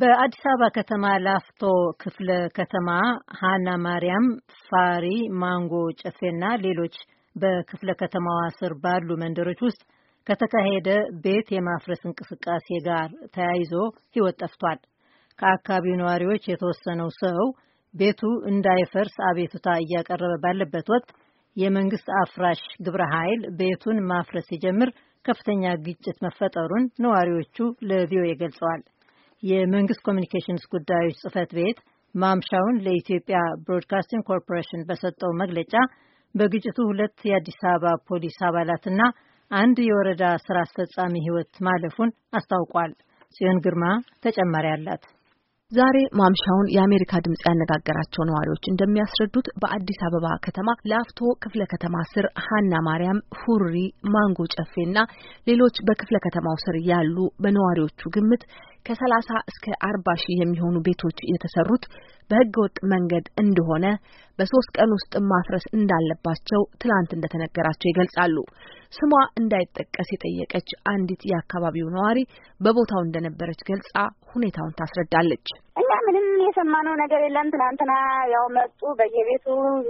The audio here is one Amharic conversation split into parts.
በአዲስ አበባ ከተማ ላፍቶ ክፍለ ከተማ ሀና ማርያም ፋሪ፣ ማንጎ ጨፌና ሌሎች በክፍለ ከተማዋ ስር ባሉ መንደሮች ውስጥ ከተካሄደ ቤት የማፍረስ እንቅስቃሴ ጋር ተያይዞ ሕይወት ጠፍቷል። ከአካባቢው ነዋሪዎች የተወሰነው ሰው ቤቱ እንዳይፈርስ አቤቱታ እያቀረበ ባለበት ወቅት የመንግስት አፍራሽ ግብረ ኃይል ቤቱን ማፍረስ ሲጀምር ከፍተኛ ግጭት መፈጠሩን ነዋሪዎቹ ለቪኦኤ ገልጸዋል። የመንግስት ኮሚኒኬሽንስ ጉዳዮች ጽህፈት ቤት ማምሻውን ለኢትዮጵያ ብሮድካስቲንግ ኮርፖሬሽን በሰጠው መግለጫ በግጭቱ ሁለት የአዲስ አበባ ፖሊስ አባላትና አንድ የወረዳ ስራ አስፈጻሚ ህይወት ማለፉን አስታውቋል። ጽዮን ግርማ ተጨማሪ አላት። ዛሬ ማምሻውን የአሜሪካ ድምጽ ያነጋገራቸው ነዋሪዎች እንደሚያስረዱት በአዲስ አበባ ከተማ ላፍቶ ክፍለ ከተማ ስር ሀና ማርያም፣ ሁሪ፣ ማንጎ ጨፌ ሌሎች በክፍለ ከተማው ስር ያሉ በነዋሪዎቹ ግምት ከሰላሳ እስከ አርባ ሺህ የሚሆኑ ቤቶች የተሰሩት በህገወጥ መንገድ እንደሆነ በሶስት ቀን ውስጥ ማፍረስ እንዳለባቸው ትላንት እንደተነገራቸው ይገልጻሉ። ስሟ እንዳይጠቀስ የጠየቀች አንዲት የአካባቢው ነዋሪ በቦታው እንደነበረች ገልጻ ሁኔታውን ታስረዳለች። የሰማነው ነገር የለም። ትናንትና ያው መጡ፣ በየቤቱ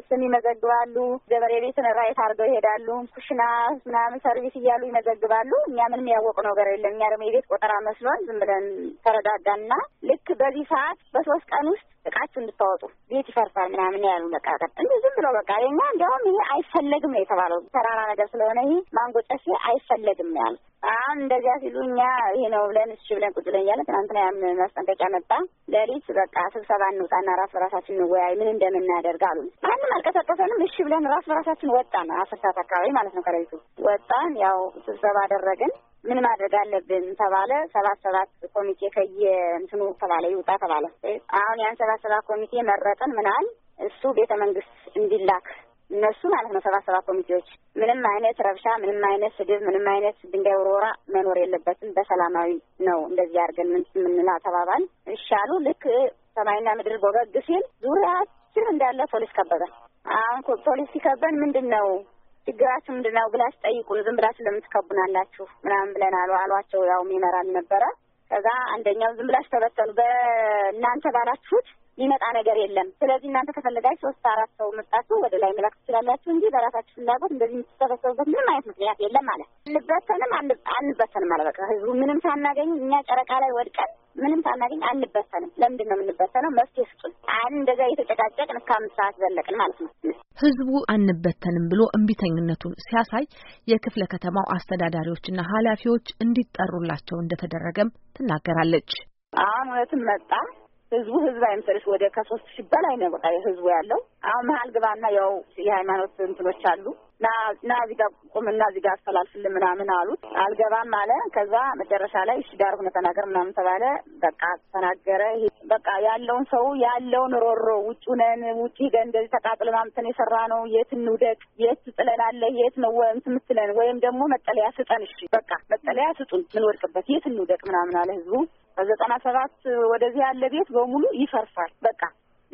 ስም ይመዘግባሉ። ገበሬ ቤትን ራይት አድርገው ይሄዳሉ። ኩሽና ምናምን ሰርቪስ እያሉ ይመዘግባሉ። እኛ ምንም ያወቁ ነገር የለም። እኛ ደግሞ የቤት ቆጠራ መስሎን ዝም ብለን ተረዳዳና ልክ በዚህ ሰዓት በሶስት ቀን ውስጥ ብላችሁ እንድታወጡ ቤት ይፈርሳል ምናምን ያሉ በቃ እንዲ ዝም ብሎ በቃ ኛ እንዲያውም ይሄ አይፈለግም ነው የተባለው። ተራራ ነገር ስለሆነ ይህ ማንጎ ጨፌ አይፈለግም ያሉ አሁን እንደዚያ ሲሉ እኛ ይሄ ነው ብለን እሺ ብለን ቁጭ ብለን እያለ ትናንትና ያም ማስጠንቀቂያ መጣ። ሌሊት በቃ ስብሰባ እንውጣና ራስ በራሳችን እንወያይ ምን እንደምናደርግ አሉ። ማንም አልቀሰቀሰንም። እሺ ብለን ራስ በራሳችን ወጣን። አስር ሰዓት አካባቢ ማለት ነው ከሌሊቱ ወጣን። ያው ስብሰባ አደረግን። ምን ማድረግ አለብን ተባለ። ሰባት ሰባት ኮሚቴ ከየ እንትኑ ተባለ ይውጣ ተባለ። አሁን ያን ሰባት ሰባት ኮሚቴ መረጠን ምናል እሱ ቤተ መንግስት እንዲላክ እነሱ ማለት ነው ሰባት ሰባት ኮሚቴዎች ምንም አይነት ረብሻ፣ ምንም አይነት ስድብ፣ ምንም አይነት ድንጋይ ውርወራ መኖር የለበትም። በሰላማዊ ነው እንደዚህ አድርገን ምንላ ተባባል። ይሻሉ ልክ ሰማይና ምድር ጎበግ ሲል ዙሪያችን እንዳለ ፖሊስ ከበበን። አሁን ፖሊስ ሲከበን ምንድን ነው ችግራችሁ ምንድን ነው ብላችሁ ጠይቁን፣ ዝም ብላችሁ ለምትከቡናላችሁ ምናምን ብለን አሉ አሏቸው። ያው የሚመራን ነበረ። ከዛ አንደኛው ዝም ብላችሁ ተበተኑ በእናንተ ባላችሁት ሊመጣ ነገር የለም። ስለዚህ እናንተ ከፈለጋችሁ ሶስት አራት ሰው መጣችሁ ወደ ላይ መላክ ትችላላችሁ እንጂ በራሳችሁ ፍላጎት እንደዚህ የምትሰበሰቡበት ምንም አይነት ምክንያት የለም ማለት አንበተንም አንበተንም አለ በቃ ህዝቡ ምንም ሳናገኝ እኛ ጨረቃ ላይ ወድቀን ምንም ሳናገኝ አንበተንም። ለምንድን ነው የምንበተነው? መፍትሄ ስጡን። አን እንደዛ እየተጨቃጨቅን እስከ አምስት ሰዓት ዘለቅን ማለት ነው። ህዝቡ አንበተንም ብሎ እምቢተኝነቱን ሲያሳይ የክፍለ ከተማው አስተዳዳሪዎችና ኃላፊዎች እንዲጠሩላቸው እንደተደረገም ትናገራለች። አሁን እውነትም መጣ ህዝቡ ህዝብ አይምሰልሽ ወደ ከሶስት ሺህ በላይ ነው በቃ ህዝቡ ያለው። አሁን መሀል ግባና ያው የሃይማኖት እንትኖች አሉ ና እዚህ ጋር ቁም እና እዚህ ጋር አስተላልፍልን ምናምን አሉት። አልገባም አለ። ከዛ መጨረሻ ላይ እሺ ዳር ሁነ ተናገር ምናምን ተባለ። በቃ ተናገረ። በቃ ያለውን ሰው ያለውን ሮሮ ውጭ ነን ውጭ ሄደን እንደዚህ ተቃጥለን አምጥተን የሰራ ነው የት እንውደቅ የት ጥለናለ የት ነው እንትን ወይም ደግሞ መጠለያ ስጠን እሺ በቃ መጠለያ ስጡን ምንወድቅበት የት እንውደቅ ምናምን አለ ህዝቡ በዘጠና ሰባት ወደዚህ ያለ ቤት በሙሉ ይፈርፋል በቃ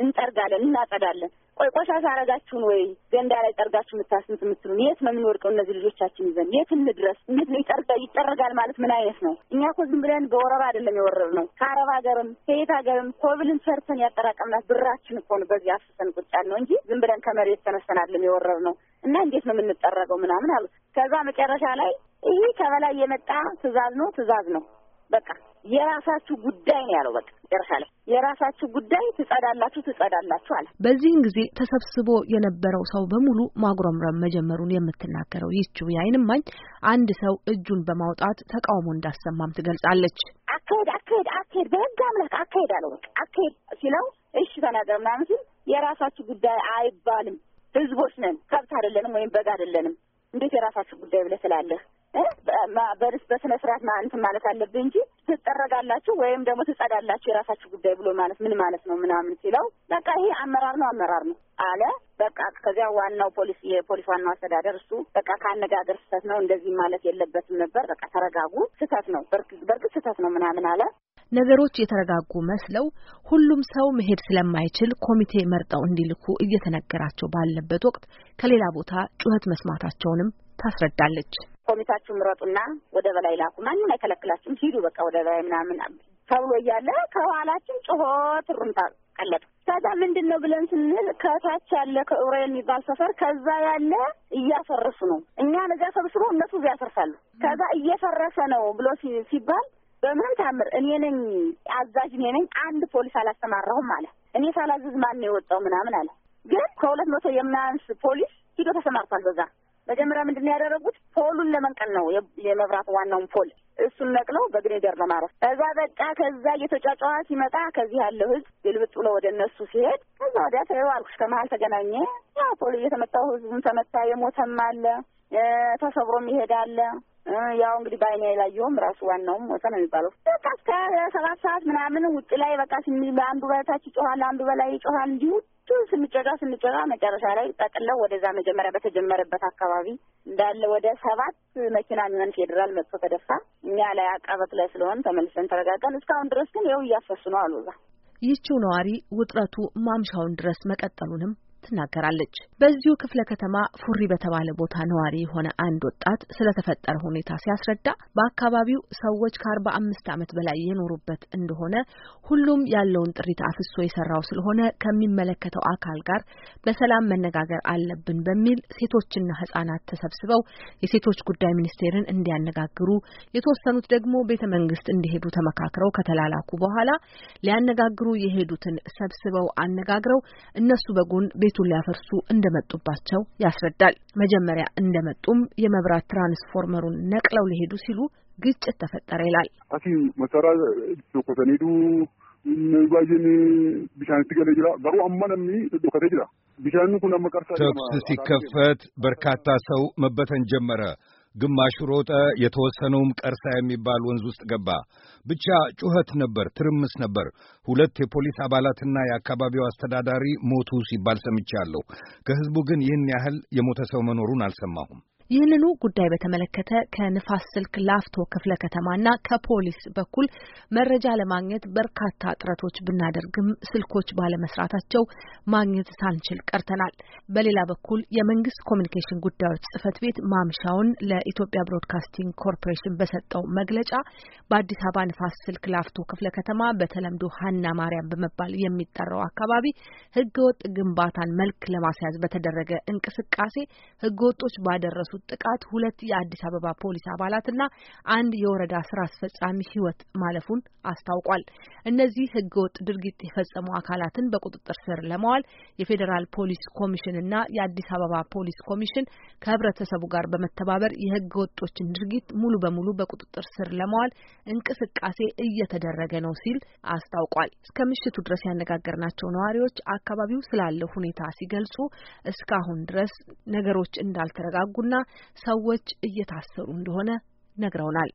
እንጠርጋለን፣ እናጸዳለን። ቆይ ቆሻሻ አረጋችሁን ወይ ገንዳ ላይ ጠርጋችሁ የምታስምት የምትሉን የት ነው የምንወድቀው? እነዚህ ልጆቻችን ይዘን የት እንድረስ? እንዴት ነው ይጠረጋል ማለት ምን አይነት ነው? እኛ እኮ ዝም ብለን በወረባ አይደለም የወረር ነው። ከአረብ ሀገርም ከየት ሀገርም ኮብልን ሰርተን ያጠራቀምናት ብራችን እኮ ነው በዚህ አፍሰን ቁጫል ነው እንጂ ዝም ብለን ከመሬት ተነስተን አይደለም የወረር ነው። እና እንዴት ነው የምንጠረገው ምናምን አሉት። ከዛ መጨረሻ ላይ ይሄ ከበላይ የመጣ ትእዛዝ ነው ትእዛዝ ነው በቃ የራሳችሁ ጉዳይ ነው ያለው። በቃ ጨረሻ የራሳችሁ ጉዳይ ትጸዳላችሁ፣ ትጸዳላችሁ አለ። በዚህን ጊዜ ተሰብስቦ የነበረው ሰው በሙሉ ማጉረምረም መጀመሩን የምትናገረው ይችው የዓይን እማኝ አንድ ሰው እጁን በማውጣት ተቃውሞ እንዳሰማም ትገልጻለች። አካሄድ አካሄድ አካሄድ በህግ አምላክ አካሄድ አለው። በቃ አካሄድ ሲለው እሺ ተናገር ምናምን ሲል የራሳችሁ ጉዳይ አይባልም። ህዝቦች ነን፣ ከብት አይደለንም ወይም በግ አይደለንም። እንዴት የራሳችሁ ጉዳይ ብለህ ስላለህ በርስ በስነ ስርዓት ማንትን ማለት አለብህ እንጂ ትጠረጋላችሁ ወይም ደግሞ ትጸዳላችሁ የራሳችሁ ጉዳይ ብሎ ማለት ምን ማለት ነው ምናምን ሲለው በቃ ይሄ አመራር ነው አመራር ነው አለ። በቃ ከዚያ ዋናው ፖሊስ የፖሊስ ዋናው አስተዳደር እሱ በቃ ከአነጋገር ስህተት ነው እንደዚህ ማለት የለበትም ነበር። በቃ ተረጋጉ፣ ስህተት ነው በእርግጥ ስህተት ነው ምናምን አለ። ነገሮች የተረጋጉ መስለው ሁሉም ሰው መሄድ ስለማይችል ኮሚቴ መርጠው እንዲልኩ እየተነገራቸው ባለበት ወቅት ከሌላ ቦታ ጩኸት መስማታቸውንም ታስረዳለች። ኮሚታችሁ ምረጡና ወደ በላይ ላኩ፣ ማንም አይከለክላችሁም፣ ሂዱ በቃ ወደ በላይ ምናምን ተብሎ እያለ ከኋላችን ጮሆ ትሩምታ ቀለጡ። ከዛ ምንድን ነው ብለን ስንል ከታች ያለ ከኡሬ የሚባል ሰፈር ከዛ ያለ እያፈረሱ ነው። እኛ እዛ ሰብስቦ እነሱ ያፈርሳሉ። ከዛ እየፈረሰ ነው ብሎ ሲባል በምንም ታምር እኔ ነኝ አዛዥ፣ እኔ ነኝ አንድ ፖሊስ አላስተማራሁም አለ። እኔ ሳላዝዝ ማን ነው የወጣው ምናምን አለ። ግን ከሁለት መቶ የማያንስ ፖሊስ ሂዶ ተሰማርቷል በዛ መጀመሪያ ምንድን ነው ያደረጉት? ፖሉን ለመንቀል ነው የመብራት ዋናውን ፖል እሱን ነቅለው በግሬደር ለማረፍ እዛ በቃ ከዛ እየተጫጫዋ ሲመጣ ከዚህ ያለው ህዝብ ግልብጥ ብሎ ወደ እነሱ ሲሄድ ከዛ ወዲያ ተይው አልኩሽ ከመሀል ተገናኘ። ያው ፖሉ እየተመታው ተመታ፣ የሞተም አለ፣ ተሰብሮም ይሄዳለ ያው እንግዲህ በአይኔ ያላየሁም ራሱ ዋናውም ወሰን ነው የሚባለው። በቃ እስከ ሰባት ሰዓት ምናምን ውጭ ላይ በቃ አንዱ በታች ይጮኋል፣ አንዱ በላይ ይጮኋል። እንዲሁ ስንጨጋ ስንጨጋ መጨረሻ ላይ ጠቅለው ወደዛ መጀመሪያ በተጀመረበት አካባቢ እንዳለ ወደ ሰባት መኪና የሚሆን ፌዴራል መጥቶ ተደፋ። እኛ ላይ አቀበት ላይ ስለሆን ተመልሰን ተረጋጋን። እስካሁን ድረስ ግን ይኸው እያፈሱ ነው አሉ። እዛ ይህችው ነዋሪ ውጥረቱ ማምሻውን ድረስ መቀጠሉንም ትናገራለች። በዚሁ ክፍለ ከተማ ፉሪ በተባለ ቦታ ነዋሪ የሆነ አንድ ወጣት ስለተፈጠረ ሁኔታ ሲያስረዳ በአካባቢው ሰዎች ከአርባ አምስት ዓመት በላይ የኖሩበት እንደሆነ ሁሉም ያለውን ጥሪት አፍሶ የሰራው ስለሆነ ከሚመለከተው አካል ጋር በሰላም መነጋገር አለብን በሚል ሴቶችና ሕጻናት ተሰብስበው የሴቶች ጉዳይ ሚኒስቴርን እንዲያነጋግሩ የተወሰኑት ደግሞ ቤተ መንግስት እንዲሄዱ ተመካክረው ከተላላኩ በኋላ ሊያነጋግሩ የሄዱትን ሰብስበው አነጋግረው እነሱ በጎን ቤቱን ሊያፈርሱ እንደመጡባቸው ያስረዳል። መጀመሪያ እንደመጡም የመብራት ትራንስፎርመሩን ነቅለው ሊሄዱ ሲሉ ግጭት ተፈጠረ ይላል። ተኩስ ሲከፈት በርካታ ሰው መበተን ጀመረ። ግማሹ ሮጠ፣ የተወሰነውም ቀርሳ የሚባል ወንዝ ውስጥ ገባ። ብቻ ጩኸት ነበር፣ ትርምስ ነበር። ሁለት የፖሊስ አባላትና የአካባቢው አስተዳዳሪ ሞቱ ሲባል ሰምቻለሁ። ከሕዝቡ ግን ይህን ያህል የሞተ ሰው መኖሩን አልሰማሁም። ይህንኑ ጉዳይ በተመለከተ ከንፋስ ስልክ ላፍቶ ክፍለ ከተማና ከፖሊስ በኩል መረጃ ለማግኘት በርካታ ጥረቶች ብናደርግም ስልኮች ባለመስራታቸው ማግኘት ሳንችል ቀርተናል። በሌላ በኩል የመንግስት ኮሚኒኬሽን ጉዳዮች ጽህፈት ቤት ማምሻውን ለኢትዮጵያ ብሮድካስቲንግ ኮርፖሬሽን በሰጠው መግለጫ በአዲስ አበባ ንፋስ ስልክ ላፍቶ ክፍለ ከተማ በተለምዶ ሀና ማርያም በመባል የሚጠራው አካባቢ ህገወጥ ግንባታን መልክ ለማስያዝ በተደረገ እንቅስቃሴ ህገወጦች ባደረሱ በደረሱት ጥቃት ሁለት የአዲስ አበባ ፖሊስ አባላትና አንድ የወረዳ ስራ አስፈጻሚ ህይወት ማለፉን አስታውቋል። እነዚህ ህገወጥ ድርጊት የፈጸሙ አካላትን በቁጥጥር ስር ለማዋል የፌዴራል ፖሊስ ኮሚሽን እና የአዲስ አበባ ፖሊስ ኮሚሽን ከህብረተሰቡ ጋር በመተባበር የህገ ወጦችን ድርጊት ሙሉ በሙሉ በቁጥጥር ስር ለማዋል እንቅስቃሴ እየተደረገ ነው ሲል አስታውቋል። እስከ ምሽቱ ድረስ ያነጋገርናቸው ነዋሪዎች አካባቢው ስላለው ሁኔታ ሲገልጹ እስካሁን ድረስ ነገሮች እንዳልተረጋጉና ሰዎች እየታሰሩ እንደሆነ ነግረውናል።